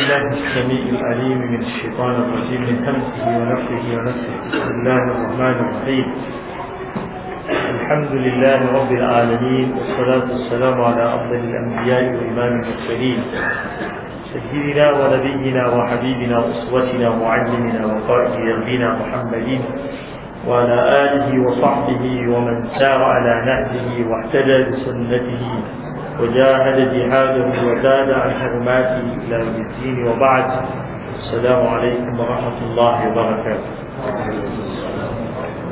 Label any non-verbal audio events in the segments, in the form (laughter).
بالله السميع العليم من الشيطان الرجيم من همسه ونفسه ونفسه بسم الله الرحمن الرحيم الحمد لله رب العالمين والصلاة والسلام على أفضل الأنبياء وإمام المرسلين سيدنا ونبينا وحبيبنا وأسوتنا ومعلمنا وقائد دربنا محمد وعلى آله وصحبه ومن سار على نهجه واهتدى بسنته وجاهد جهاده وزاد عن حرماته إلى يوم الدين وبعد السلام عليكم ورحمة الله وبركاته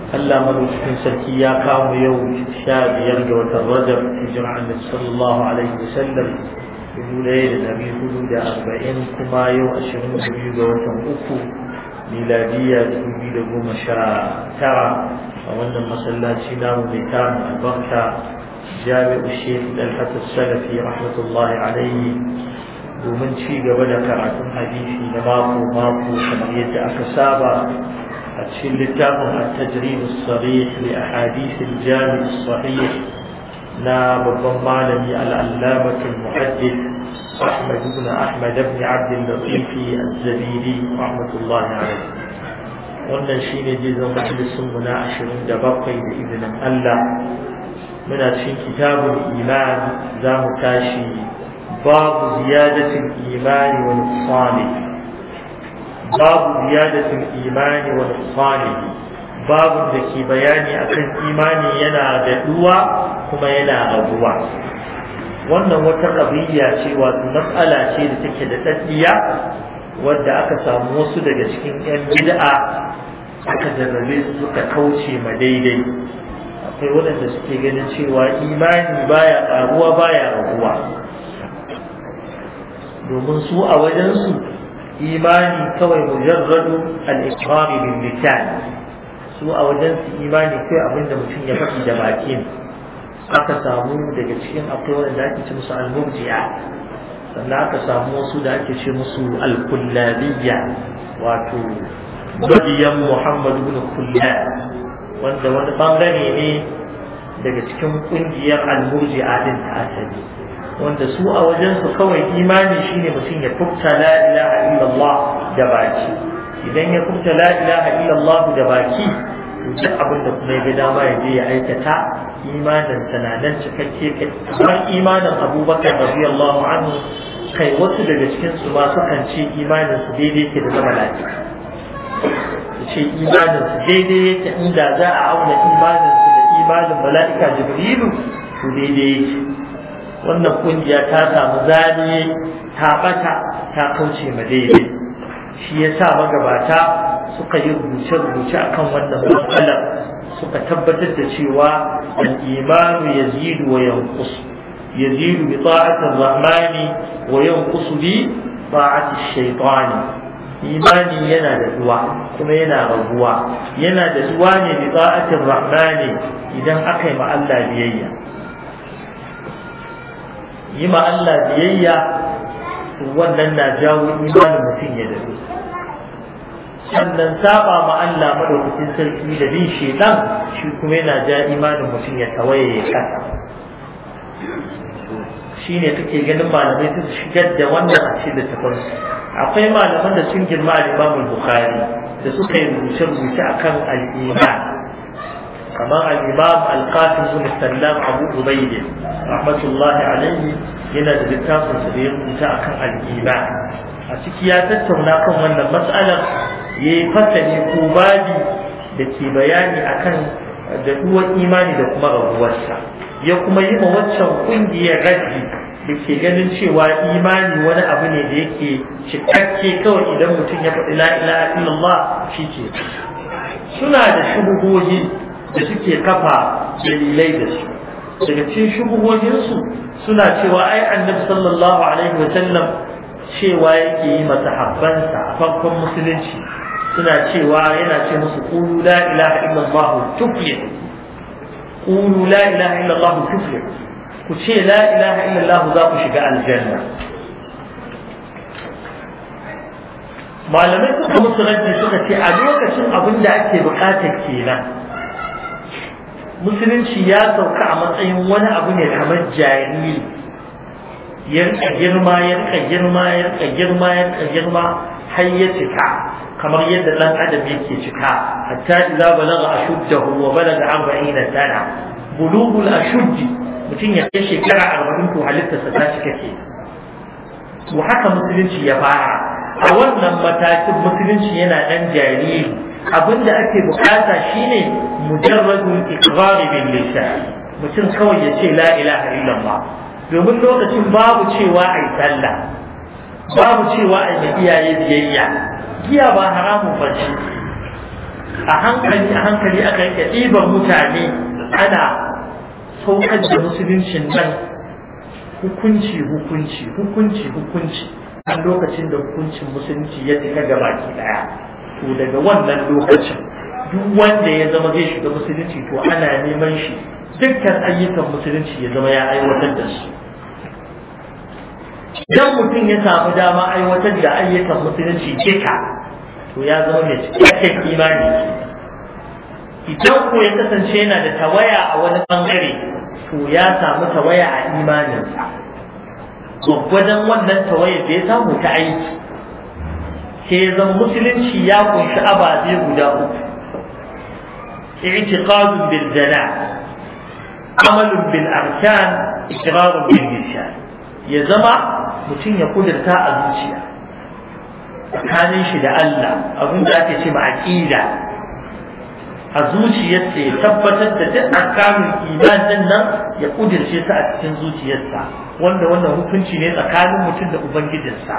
Allah madaukakin sarki ya kamo yau sha biyar ga watan Rajab hijira annabi sallallahu alaihi wa sallam dubu ɗaya da ɗari hudu da arba'in kuma yau ashirin da biyu ga watan uku miladiya dubu biyu da goma sha tara a wannan masallaci namu mai tarin albarka جامع الشيخ الحسن السلفي رحمة الله عليه domin ci gaba da karatun hadisi da mako mako kamar yadda aka saba a cikin littafin at-tajrid as-sarih li ahadith al na babban malami al-allama al-muhaddith Ahmad ibn Ahmad ibn Abd al-Latif al-Zabiri wannan shine jizon majalisin mu na 27 da izinin Allah muna cikin kitabun iman za mu tashi babu ziyadatul imani wani nusani babu ziyadatul imani wani nusani babu da ke bayani akan imani yana daɗuwa kuma yana raguwa wannan wata ƙabiyya ce wato matsala ce da take da tsaddiya wadda aka samu wasu daga cikin 'yan bid'a aka jarrabe su suka kauce ma daidai akwai waɗanda suke ganin cewa imani baya ƙaruwa baya raguwa domin su a wajensu imani kawai mujarradu al-iqrar bil lisan su a wajensu imani kai abinda mutum ya faɗi da bakin, aka samu daga cikin akwai wanda ake ce musu al-murji'a sannan aka samu wasu da ake ce musu al-kullabiyya wato bajiyan Muhammadu ibn Kullab wanda wani bangare ne daga cikin kungiyar almurji adin ta asali wanda su a wajensu kawai imani shine mutum ya furta la ilaha illallah da baki idan ya furta la ilaha illallah da baki to duk abin da kuma ya dama ya je ya aikata imanin sanadan cikakke kamar imanin abubakar radiyallahu anhu kai wasu daga cikin su ma imaninsu ce imanin su daidai ke da zama lafiya ce imaninsu daidai yake inda za a auna imaninsu da imanin mala'ika jibrilu ku daidai yake wannan kungiya ta samu zane ta bata ta kauce ma daidai shi ya sa magabata suka yi rubuce-rubuce akan wannan matsalar suka tabbatar da cewa al-imanu Yaziru wa yanqus yazidu bi ta'atir rahmani wa yanqus bi ta'atir shaytani imani yana da zuwa kuma yana raguwa yana da zuwa ne bi ta'atin rahmani idan aka yi ma Allah biyayya yi ma Allah biyayya wannan na jawo imanin mutum ya dace sannan saba ma Allah madaukakin sarki da bin shedan shi kuma yana ja imanin mutum ya tawaye ya Shi shine take ganin malamai su shigar da wannan a cikin littafin akwai malaman da sun girma al-Imam Bukhari da suka yi rubuce-rubuce akan al-iman kamar al-Imam Al-Qasim bin Sallam Abu Ubayd rahmatullahi alaihi yana da littafin sa da ya rubuta akan al-iman a ciki ya tattauna kan wannan matsalar yayi fasali ko babi da ke bayani akan da duwan imani da kuma rabuwarsa ya kuma yi ma waccan kungiyar raddi da ke ganin cewa imani wani abu ne da yake cikakke kawai idan mutum ya faɗi la'ila illallah shi ke suna da shubuhohi da suke kafa dalilai da su daga cikin shubuhohinsu suna cewa ai annabi sallallahu alaihi wa sallam cewa yake yi habbansa a farkon musulunci suna cewa yana ce musu qulu la ilaha illallah tuflih qulu la ilaha illallah tuflih ku ce la ilaha illallah za ku shiga aljanna malamai suka musu raddi suka ce a lokacin abin da ake bukatar kenan musulunci ya sauka a matsayin wani abu ne kamar jariri yanka girma yanka girma yanka girma yanka girma har ya cika kamar yadda ɗan adam yake cika hatta idza balagha ashuddahu wa balaga 40 sana bulughul ashuddi mutum ya kai shekara arba'in to halittarsa ta shi ke to haka musulunci ya fara a wannan matakin musulunci yana ɗan jariri da ake bukata shine mujarradun ikrari bin lisan mutum kawai ya ce la ilaha illallah domin lokacin babu cewa yi sallah babu cewa ai iyaye biyayya giya ba haramun bace a hankali a hankali aka yi ɗiban mutane ana saukar da musuluncin nan hukunci hukunci hukunci hukunci a lokacin da hukuncin musulunci ya cika gaba baki daya to daga wannan lokacin duk wanda ya zama zai shiga musulunci to ana neman shi dukkan ayyukan musulunci ya zama ya aiwatar da su idan mutum ya samu dama aiwatar da ayyukan musulunci duka to ya zama mai cikakken imani idan ko ya kasance yana da tawaya a wani bangare to ya samu tawaya a imaninsa gwaggwadon wannan tawayar da ya samu ta aiki sai zan musulunci ya kunshi ababe guda uku i'tiqadun bil jana amalun bil arkan iqrarun bil lisan ya zama mutum ya kudurta a zuciya tsakanin shi da Allah abin da ake ce ma aqida a zuciyarsa ya tabbatar da duk akamin iman nan ya ƙudirce su a cikin zuciyarsa wanda wannan hukunci ne tsakanin mutum da ubangijinsa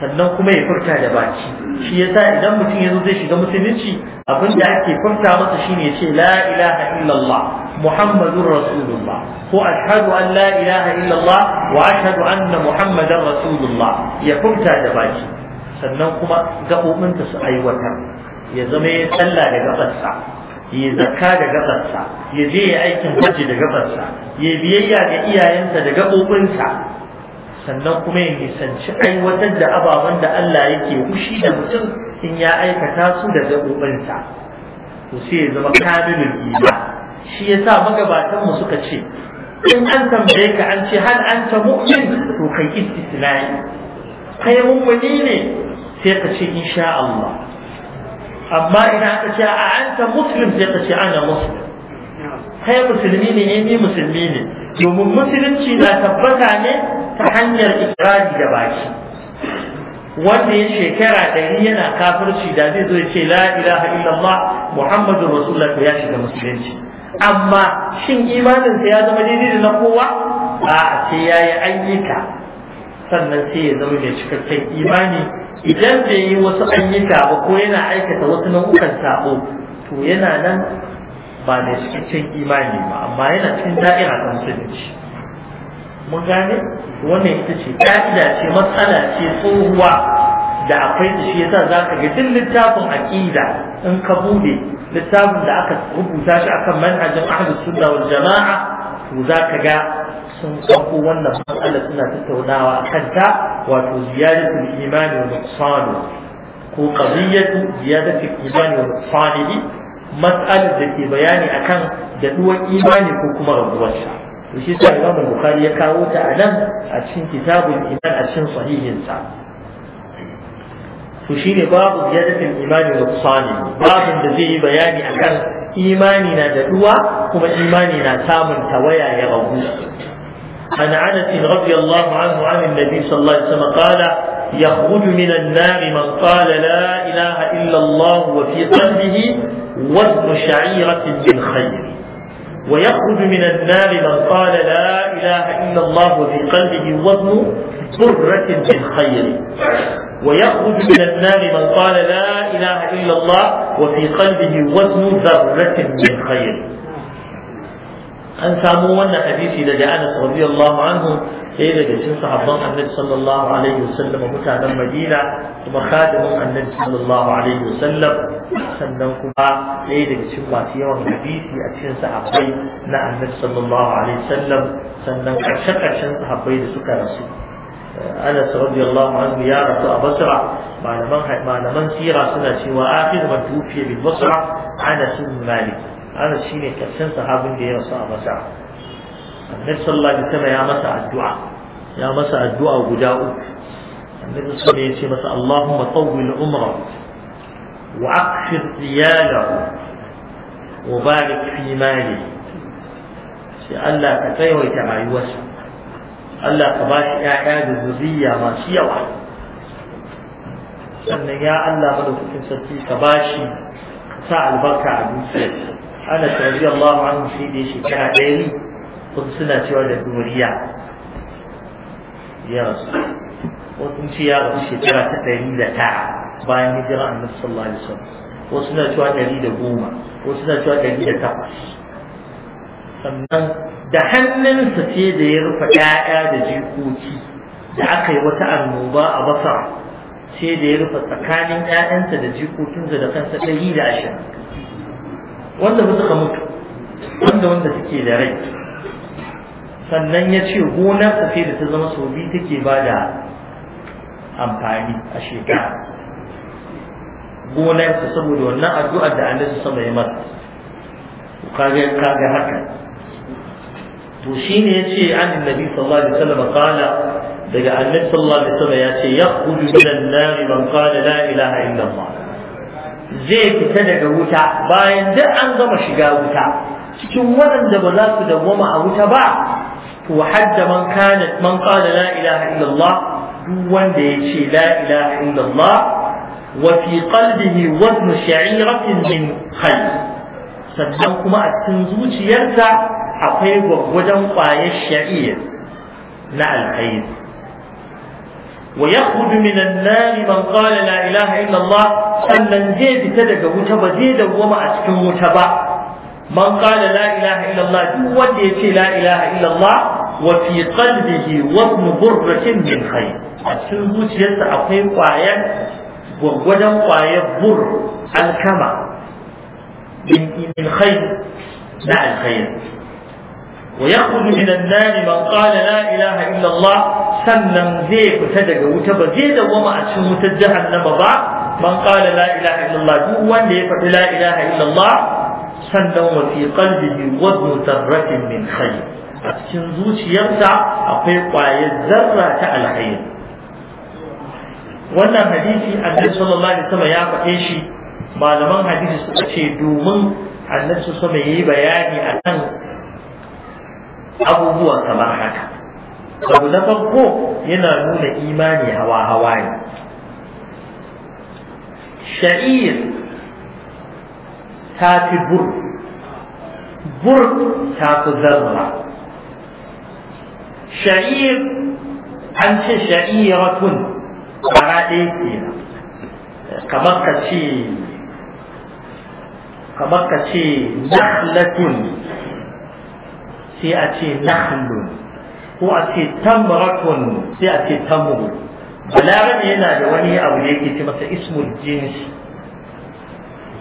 sannan kuma ya furta da baki shi yasa idan mutum zo zai shiga musulunci abin da ake furta masa shine ya ce la ilaha illallah muhammadun rasulullah ko ashhadu an la ilaha illallah wa ashhadu anna muhammadan rasulullah ya furta da baki sannan kuma gaɓoɓinta su aiwatar ya zama ya tsalla da gabarsa ya zakka da gabarsa ya je ya aikin hajji da gabarsa ya biyayya ga iyayensa da gaɓoɓinsa sannan kuma ya nisanci aiwatar da ababen da Allah yake kushi da mutum in ya aikata su da gaɓoɓinsa to sai ya zama kamilul iman shi yasa magabatanmu suka ce in an tambaye ka an ce hal anta mu'min to kai istisnai kai mummuni ne sai ka ce insha Allah amma ina aka ce a anta muslim sai ka ce ana muslim kai musulmi ne ne ni musulmi ne domin musulunci na tabbata ne ta hanyar ikirari da baki wanda ya shekara ɗari yana kafirci da zai zo ya ce la ilaha illallah muhammadu rasulullah ya shiga musulunci amma shin imaninsa ya zama daidai da na kowa a sai ya yi ayyuka sannan sai ya zama mai cikakken imani idan bai yi wasu ayyuka ba ko yana aikata wasu nau'ukan sabo to yana nan ba mai cikakken imani ba amma yana cikin da'ira ta musulunci mun gane wannan ita ce ka'ida ce matsala ce tsohuwa da akwai da shi yasa za ka ga duk littafin aƙida in ka bude littafin da aka rubuta shi akan manhajin ahlus sunna wal jama'a to za ka ga sun ɗauko wannan matsalar suna tattaunawa a kanta wato ziyaratul imani wa nuqsanu ko qadiyatu ziyaratul imani wa nuqsanihi matsalar da ke bayani akan daɗuwar imani ko kuma rabuwarsa to shi sa Imam Bukhari ya kawo ta a nan a cikin kitabun iman a cikin sahihinsa to shine babu ziyaratul imani wa nuqsanihi babun da zai yi bayani akan imani na daɗuwa kuma imani na samun tawaya ya rabu عن انس رضي الله عنه عن النبي صلى الله عليه وسلم قال يخرج من النار من قال لا اله الا الله وفي قلبه وزن شعيره من خير ويخرج من النار من قال لا اله الا الله وفي قلبه وزن ذره من خير ويخرج من النار من قال لا اله الا الله وفي قلبه وزن ذره من خير an samu wannan hadisi daga Anas radiyallahu anhu sai daga cikin sahabban Annabi sallallahu alaihi wasallam mutanen Madina kuma khadimin Annabi sallallahu alaihi wasallam sannan kuma sai daga cikin masu yawan hadisi a cikin sahabbai na Annabi sallallahu alaihi wasallam sannan karshe karshen sahabbai da suka rasu Anas radiyallahu anhu ya rasu a Basra malaman malaman sira suna cewa akhir man tufiya bil Basra Anas bin Malik ana shi ne karshen sahabin da ya rasu a masa annabi sallallahu alaihi wasallam ya masa addu'a ya masa addu'a guda uku annabi sallallahu alaihi ya ce masa Allahumma tawwil umra wa aqfir riyalahu wa barik fi mali sai Allah ka tsayawaita rayuwarsa Allah ka ba shi ƴaƴa da zuriya masu yawa sannan ya Allah madaukakin sarki ka ba shi sa albarka a dukiyarsa ana tarbi Allahu anhu sai da shekara ɗaya ne wasu suna cewa da doriya ya rasu wasu ce ya rasu shekara ta ɗari da tara bayan hijira annabi sallallahu alaihi wasallam wasu suna cewa ɗari da goma wasu suna cewa ɗari da takwas sannan da hannunsa ce da ya rufe ɗaya da jikoki da aka yi wata annoba a basar sai da ya rufe tsakanin 'ya'yansa da jikokinsa da kansa ɗari da ashirin wanda ba suka mutu wanda wanda suke da rai sannan ya ce gonar sai da ta zama sau biyu take ba da amfani a shekara gonar ta saboda wannan addu'ar da annabi sama ya mata kaga kaga haka to shine yace an annabi sallallahu alaihi wasallam qala daga annabi sallallahu alaihi wasallam yace yakhruju min an-nar man qala la ilaha illa allah zai fita daga wuta bayan duk an gama shiga wuta cikin waɗanda ba za su dawwama a wuta ba to hadda man kana man qala la ilaha illallah duk wanda ya ce la ilaha illallah wa fi qalbihi wazn sha'iratin min khal sannan kuma a cikin zuciyarsa akwai gwagwajen ƙwayar sha'ir na alkhairi ويخرج من النار من قال لا اله الا sannan zai fita daga wuta ba zai da goma a cikin wuta ba man qala la ilaha illallah duk wanda yace la ilaha illallah wa fi qalbihi wadn burratin min khayr a cikin zuciyarsa akwai kwayan gwagwadon kwayan bur alkama min khayr na alkhair ويخرج من النار من قال لا إله إلا الله sannan zai fita daga wuta ba zai dawwama a cikin wutar jahannama ba man qala la illallah duk wanda ya faɗi la ilaha illallah sannan wa fi qalbihi wadnu tarratin min khayr a cikin zuciyarsa akwai ƙwayar ta alkhair wannan hadisi annabi sallallahu alaihi wasallam ya faɗe shi malaman hadisi suka ce domin annabi sallallahu alaihi wasallam yayi bayani akan abubuwan kamar haka abu na farko yana nuna imani hawa-hawa ne sha'ir ta fi bur bur ta fi zarra sha'ir an ce tun kwara ɗaya kenan kamar ka ce kamar ka ce nahlatun sai a ce nahlun ko a ce tamrakun sai a ce tamru balarabe yana da wani abu da yake ce masa ismul jins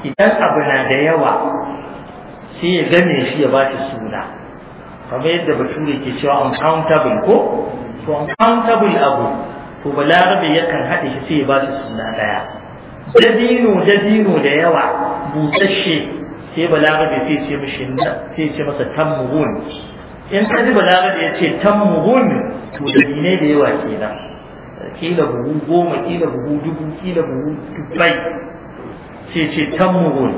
idan abu na da yawa sai ya gane shi ya ba shi suna kamar yadda bature ke cewa uncountable ko to uncountable abu to balarabe yakan haɗe shi sai ya ba shi suna ɗaya jadino jadino da yawa busasshe sai balarabe sai ce mishi sai ce masa tammuhun in ka ji balarabe ya ce tammuhun to da ne da yawa kenan kila buhu goma kila buhu dubu kila buhu dubai sai ce tammuhun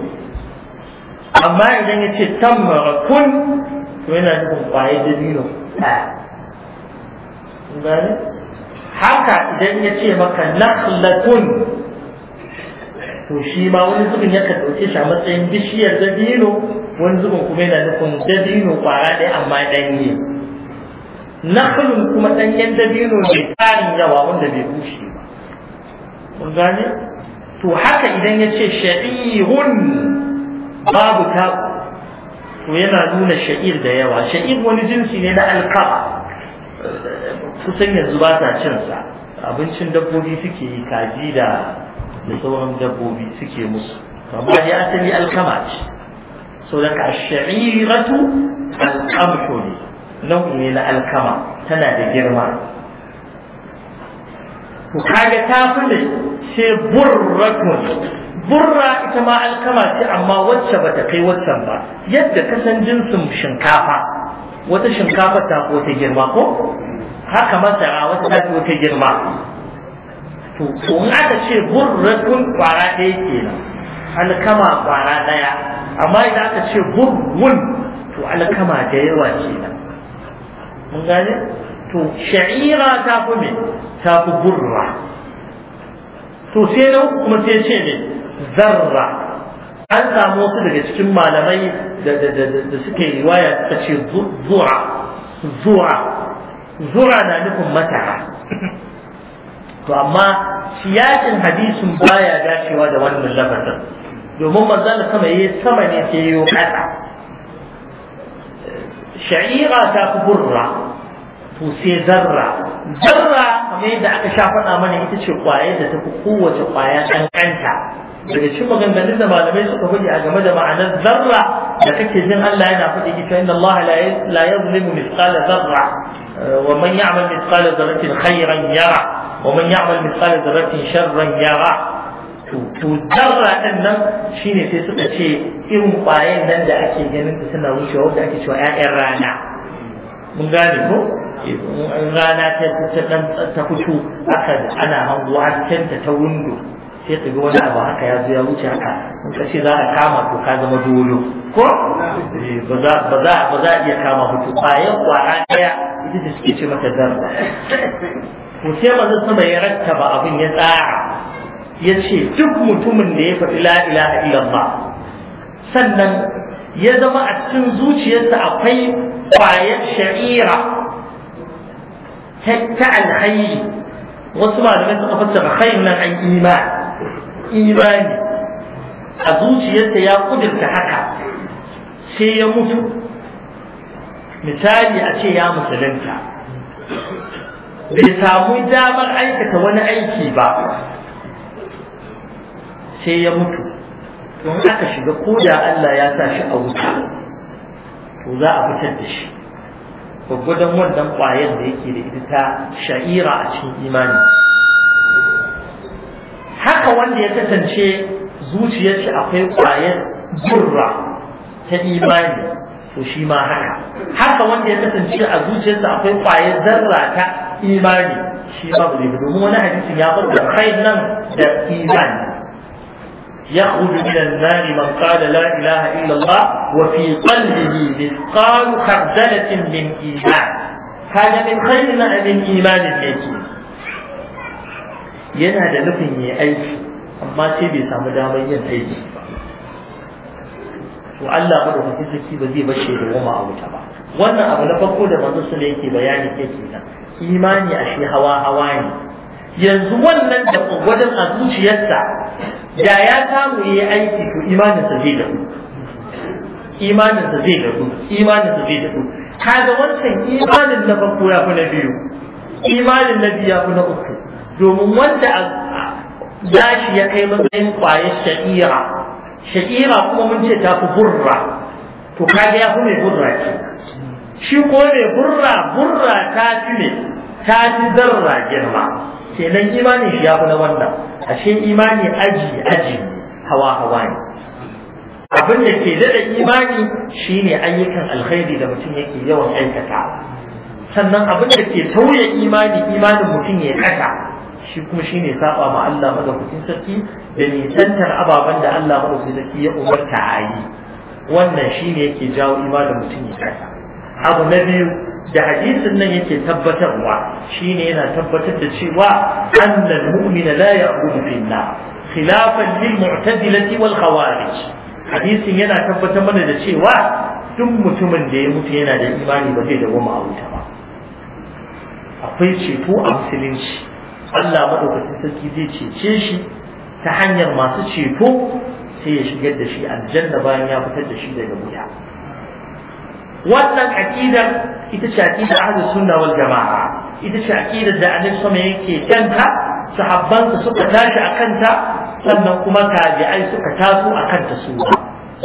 amma idan ya ce tammarakun to yana nufin kwaye da nilo haka idan ya ce maka naklatun to shi ma wani zubin yakan ɗauke shi a matsayin bishiyar dabino wani zubin kuma yana nufin dabino kwara ɗaya amma ɗanye nakulun kuma ɗanyen dabino mai tsarin yawa wanda bai bushe ba kun gane to haka idan ya ce sha'irun babu ta to yana nuna sha'ir da yawa sha'ir wani jinsi ne na alkaba kusan yanzu ba sa cinsa abincin dabbobi suke yi kaji da da sauran dabbobi suke musu amma ya asali alkama ce so da ka sha'iratu alkamsho ne nau'i ne na alkama tana da girma ku kaga ta fi sai burratun burra ita ma alkama ce amma wacce ba ta kai waccan ba yadda ka san jinsin shinkafa wata shinkafa ta ko ta girma ko haka masara wata ta ko ta girma to in aka ce burratun kwara ɗaya ke nan, alkama kwara ɗaya amma idan aka ce burwun to alkama da yawa nan? mun gane to sha'ira ta fi me ta fi burra to sai na kuma sai ce ne zarra an samu wasu daga cikin malamai da suke riwaya ta ce zura zura na nufin matara (laughs) to amma siyasin hadisin baya dacewa da wannan lafazin domin manzon sama yayi sama ne sai yayi kasa sha'ira ta fi to sai zarra zarra kamar yadda aka sha faɗa mana ita ce ƙwayar da ta fi kowace ƙwaya ƙanƙanta daga cikin maganganun da malamai suka faɗi a game da ma'anar zarra da kake jin Allah yana faɗi ita inna Allah la yuzlimu mithqala zarra wa man ya'mal mithqala dharratin khayran yara ومن يعمل مثقال ذرة شرا يره to darra ɗin nan shine sai suka ce irin ƙwayen nan da ake ganin ta suna wucewa wanda ake cewa 'ya'yan rana mun gane ko in rana ta ta dan ta fito aka ana hango haskenta ta windo sai ta ga wani abu haka ya zo ya wuce haka in ka ce za a kama to ka zama dolo ko ba za ba a iya kama mutu ƙwayen ƙwara ɗaya ita da suke ce mata darra to sai manzo sama ya rattaba abin ya tsara ya ce duk mutumin da ya faɗi la ilaha illallah sannan ya zama a cikin zuciyarsa akwai kwayar shari'a ta alhayi wasu malamai suka fassara khair nan an iman imani a zuciyarsa ya kudurta haka sai ya mutu misali a ce ya musulunta bai samu damar aikata wani aiki ba sai ya mutu don aka shiga ko da Allah ya sa shi a wuta to za a fitar da shi gwaggwadon wannan ƙwayar da yake da ita ta sha'ira a cikin imani haka wanda ya kasance zuciyarsa akwai ƙwayar gurra ta imani to shi ma haka haka wanda ya kasance a zuciyarsa akwai ƙwayar zarra ta imani shi babu laifi domin wani hadisin ya faru kainan da imani ya kudu minan nari man qala la ilaha illallah wa fi qalbihi mithqalu khardalatin min iman hada min khairin abin imanin da yake yana da nufin yayi aiki amma sai bai samu damar yin aiki ba to Allah ba da kike ba zai bar da goma a wuta ba wannan abu na farko da manzo su yake bayani ke kenan imani a shi hawa hawa ne yanzu wannan da gwadon a zuciyarsa da ya samu yi aiki to imaninsa zai da imaninsa zai da imaninsa zai da kaga wancan imanin na farko ya na biyu imanin na biyu ya fi na uku domin wanda gashi ya kai matsayin kwayar sha'ira sha'ira kuma mun ce ta fi burra to kaga ya fi mai burra ce shi ko ne burra burra ta fi ne ta fi zarra girma kenan imani shi ya fi na wannan ashe imani aji aji hawa hawa ne abin da ke daɗa imani shine ayyukan alkhairi da mutum yake yawan aikatawa sannan abin da ke tauye imani imanin mutum ya kasa shi kuma shine saba ma Allah madaukakin sarki da nisantar ababen da Allah madaukakin sarki ya umarta a yi wannan shine yake jawo imanin mutum ya kasa abu na biyu da hadisin nan yake tabbatarwa shine yana tabbatar da cewa annal mu'mina la ya'budu fi nar khilafan lil mu'tazilati wal khawarij hadisin yana tabbatar mana da cewa duk mutumin da ya mutu yana da imani ba zai dawoma a wuta ba akwai ceto a musulunci Allah madaukakin sarki zai cece shi ta hanyar masu ceto sai ya shigar da shi aljanna bayan ya fitar da shi daga wuta wannan aqidar ita ce aqidar ahlus sunna wal jamaa ita ce aqidar da annabi sama yake kanta sahabbansa suka tashi a kanta sannan kuma tabi'ai suka taso a kanta su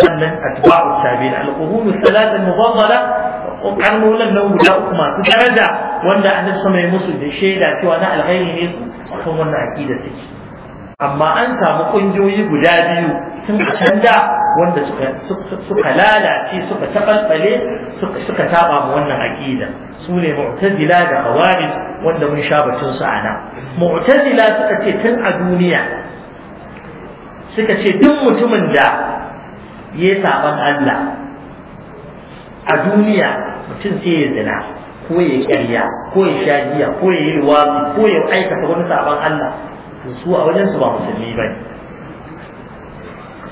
sannan atba'u tabi'in al-qurun al-thalath al-mufaddala karnulan nan guda uku masu daraja wanda annabi sama ya musu da shaida cewa na alkhairi ne kan wannan aqidar take amma an samu kungiyoyi guda biyu sun canza wanda suka lalace suka tabalbale suka taɓa taba wannan aƙida su ne mu'tazila da khawarij wanda mun sha batun su nan. mu'tazila suka ce tun a duniya suka ce duk mutumin da ya saban Allah a duniya mutum sai ya zina ko ya ƙarya ko ya sha giya ko ya yi ko ya aikata wani saban Allah to su a wajen su ba musulmi bane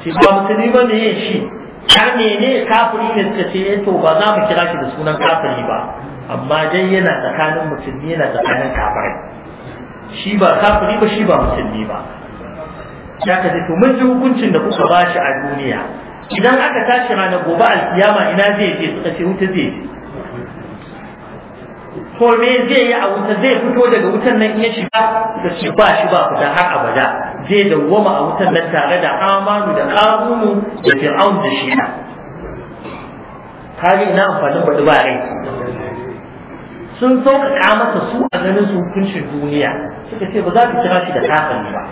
ce ba musulmi ba ne shi ta ne kafiri ne suka ce eh, to ba za mu kira shi da sunan kafiri ba amma dai yana tsakanin musulmi yana tsakanin kafirai shi ba kafiri ba shi ba musulmi ba ya ka to mun ji hukuncin da kuka ba shi a duniya idan aka tashi ranar gobe alkiyama ina zai je suka ce wuta zai ko me zai yi a wuta zai fito daga wutan nan iya shiga da shi ba shi ba fita har abada da dawwama a wutan nan tare da amanu da karunu da fir'aun da shi na kare na amfanin baɗi ba rai sun sauƙaƙa masa su a ganin su hukuncin duniya suka ce ba za ka kira shi da kafin ba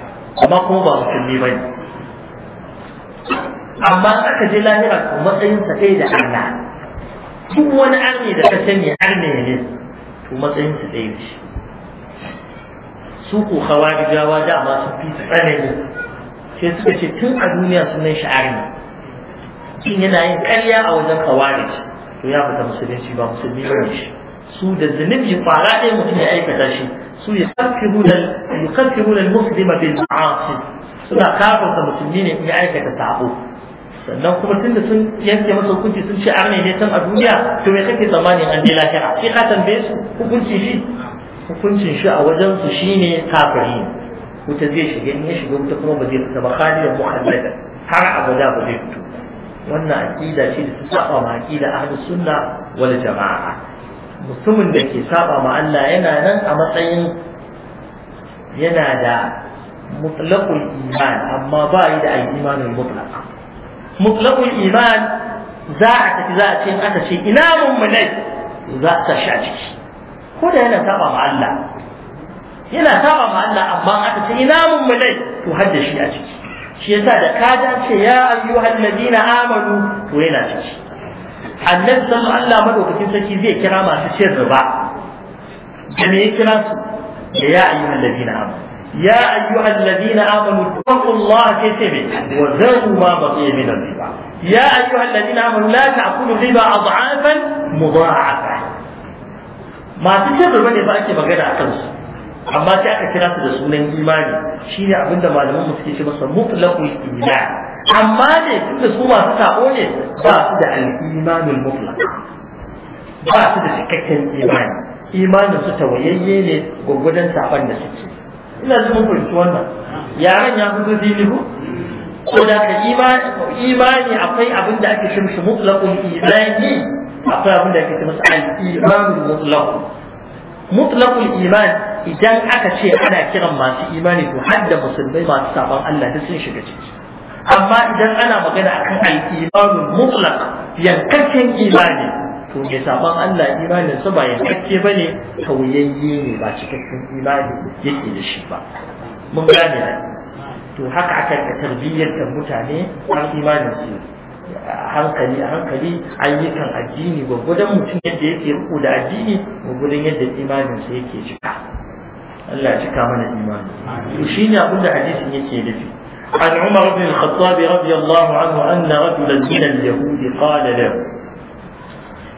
amma kuma ba musulmi ba ne amma aka je lahira ko matsayin sa kai da Allah duk wani arne da ka sani arne ne to matsayin sa ɗaya ne su ko khawarijawa dama sun fi tsanani sai suka ce tun a duniya sunan shi arni shin yana yin karya a wajen khawarij to ya fita musulunci ba musulmi ba shi su da zunubi kwara ɗaya mutum ya aikata shi su ya kafirun al-muslima bil ma'asi suna kafirta musulmi ne in ya aikata sabo sannan kuma tunda sun yanke masa hukunci sun ce arne ne tun a duniya to me kake tsammanin an je lafiya sai ka tambaye su hukunci shi hukuncin shi a wajen su shine kafiri wuta zai shiga in ya shiga wuta kuma ba zai fita ba khalidan muhammada har abada ba zai fito wannan aqida ce da ta saba ma aqida ahlus sunna wal jamaa mutumin da ke saba ma Allah yana nan a matsayin yana da mutlaqul iman amma ba yi da imanin mutlaq mutlaqul iman za a tafi za a ce in aka ce ina mun mulai za ta tashi a ciki ko da yana saba ma Allah yana saba ma Allah amma aka ce ina mummunai to hadda shi a ciki shi yasa da ka dace ya ayyuhal ladina amanu to yana ciki annabi sallallahu alaihi wasallam madaukakin sarki zai kira masu cin riba da me ya kira su da ya ayyuhal ladina amanu يا أيها الذين آمنوا اتقوا الله كتبه وذروا ما بقي من الربا يا أيها الذين آمنوا لا تأكلوا الربا أضعافا مضاعفة masu cin ne ba ake magana a kansu amma sai aka kira su da sunan imani ne abinda malaman mu suke ce masa mutlaqul iman amma ne tunda su masu sako ne ba su da al-imanul mutlaq ba su da cikakken imani imanin su tawayayye ne gwagwadon saban da suke ina zama mun ci wannan yaran ya fito fili ko ko da ka imani akwai abin da ake shimshi mutlaqul imani akwai abin da ake ce masa al iman idan aka ce ana kiran masu imani to da musulmai masu sabon Allah da sun shiga ciki amma idan ana magana akan al-imanul mutlaq yankakken imani to ne sabon Allah imanin su ba yankakke bane tauyayye ne ba cikakken imani yake da shi ba mun gane to haka aka tarbiyyantar mutane har imanin su hankali a hankali ayyukan addini gwagwadon mutum yadda yake riko da addini gwagwadon yadda imanin sa yake cika Allah cika mana imani to shine abin da hadisin yake nufi عن عمر بن الخطاب رضي الله عنه أن رجلا من اليهود قال له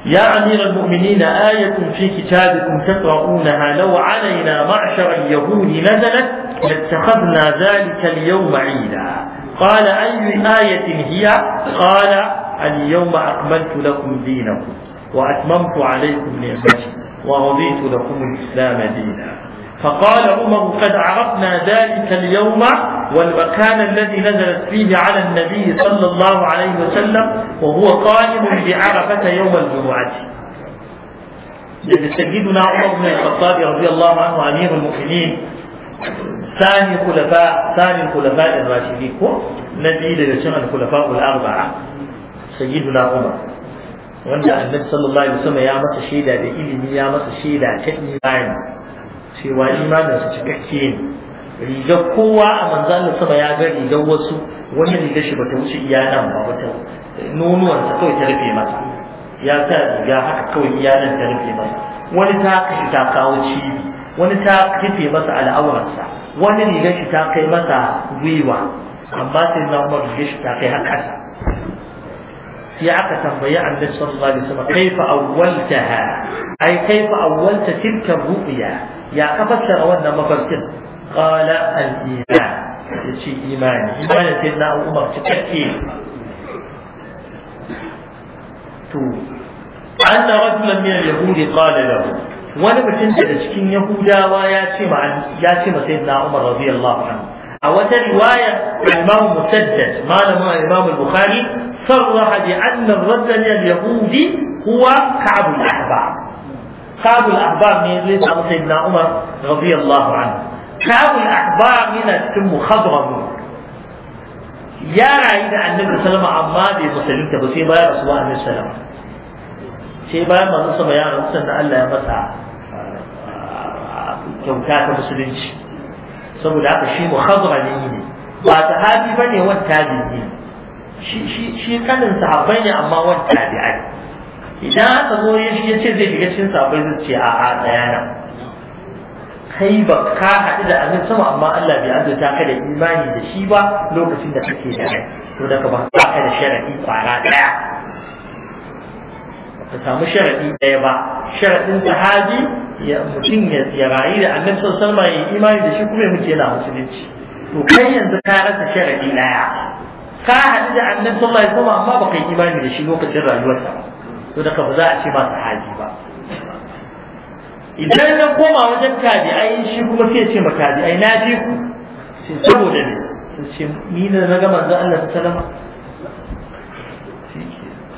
يا أمير المؤمنين آية في كتابكم تقرؤونها لو علينا معشر اليهود نزلت لاتخذنا ذلك اليوم عيدا قال أي آية هي قال اليوم أكملت لكم دينكم وأتممت عليكم نعمتي ورضيت لكم الإسلام دينا فقال عمر قد عرفنا ذلك اليوم والمكان الذي نزلت فيه على النبي صلى الله عليه وسلم وهو قائم بعرفة يوم الجمعة يعني سيدنا عمر بن الخطاب رضي الله عنه أمير المؤمنين ثاني خلفاء ثاني الخلفاء الراشدين كو نبي لجسم الخلفاء الأربعة سيدنا عمر wanda annabi sallallahu alaihi wasallam ya masa shaida da ilimi ya masa shaida ta imani cewa imanin su cikakke ne rigar kowa a manzan sama ya ga rigar wasu wani rigar shi bata wuce iyana ba bata nonuwansa kawai ta rufe masa ya sa riga haka kawai iya nan ta rufe masa wani ta kashi ta kawo cibi wani ta kife masa al'aurarsa wani rigar shi ta kai masa gwiwa amma sai na umar rigar shi ta kai har ƙasa sai aka tambayi annabi sallallahu alaihi wasallam kaifa awwaltaha ai kaifa awwalta tilka ru'ya ya ka fassara wannan mafarkin qala al-iman yace imani imani sai na umar cikakke to anna rajulan min al-yahudi qala wani mutum daga cikin yahudawa ya ce ma ya ce umar radiyallahu anhu a wata riwaya imam musaddad malamin imam al-bukhari sarraha bi anna ar-radd al-yahudi huwa ka'b al-ahbab ka'b al-ahbab ne zai samu sayyidina umar radiyallahu anhu ka'b al-ahbab yana cikin mukhadram ya rayu da annabi sallama amma bai musulunta ba sai bayan rasuwa annabi sallama sai bayan manzo sama ya rasu sannan Allah ya masa kyauta ta musulunci saboda haka shi mu khazrani ne ba sahabi bane wata tabi'i shi shi shi kanin sahabbai ne amma wata tabi'i idan aka zo ya shi yace zai shiga cikin sahabbai zai ce a a tsaya na kai ba ka haɗu da abin sama amma Allah bai azurta ka da imani da shi ba lokacin da kake da to daga ba ka da sharadi kwara daya ta samu sharaɗi ɗaya ba sharaɗin Haji ya mutum ya rayu da annabi sallallahu alaihi wasallam ya imani da shi kuma ya mutu yana musulunci to kai yanzu ka rasa sharaɗi ɗaya ka haɗu da annabi sallallahu alaihi wasallam amma baka yi imani da shi lokacin rayuwarsa to da ka ba za a ce ba sahabi ba idan na koma wajen tabi'ai shi kuma sai ce ma tabi'ai na ji ku sai saboda ne sai ce ni na ga manzo Allah sallallahu alaihi wasallam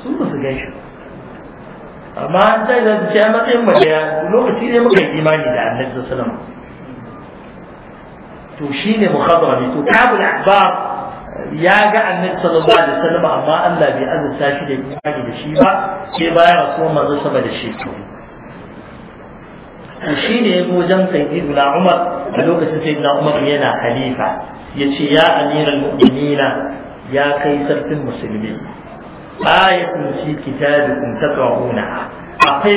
sun ba su gaishe ba amma an ta da ce a matsayin mu daya lokaci ne muka yi imani da annabi sallallahu to shi ne shine mukhadara to kabul ahbab ya ga annabi sallallahu alaihi wasallam amma Allah bai azurta shi da imani da shi ba sai bayan rasuwar manzo sama da shekaru to shi ne ya zo wajen na Umar a lokacin na Umar yana khalifa ce ya amiral mu'minina ya kai sarkin musulmi ayatun fi kitabikum taqra'unaha akwai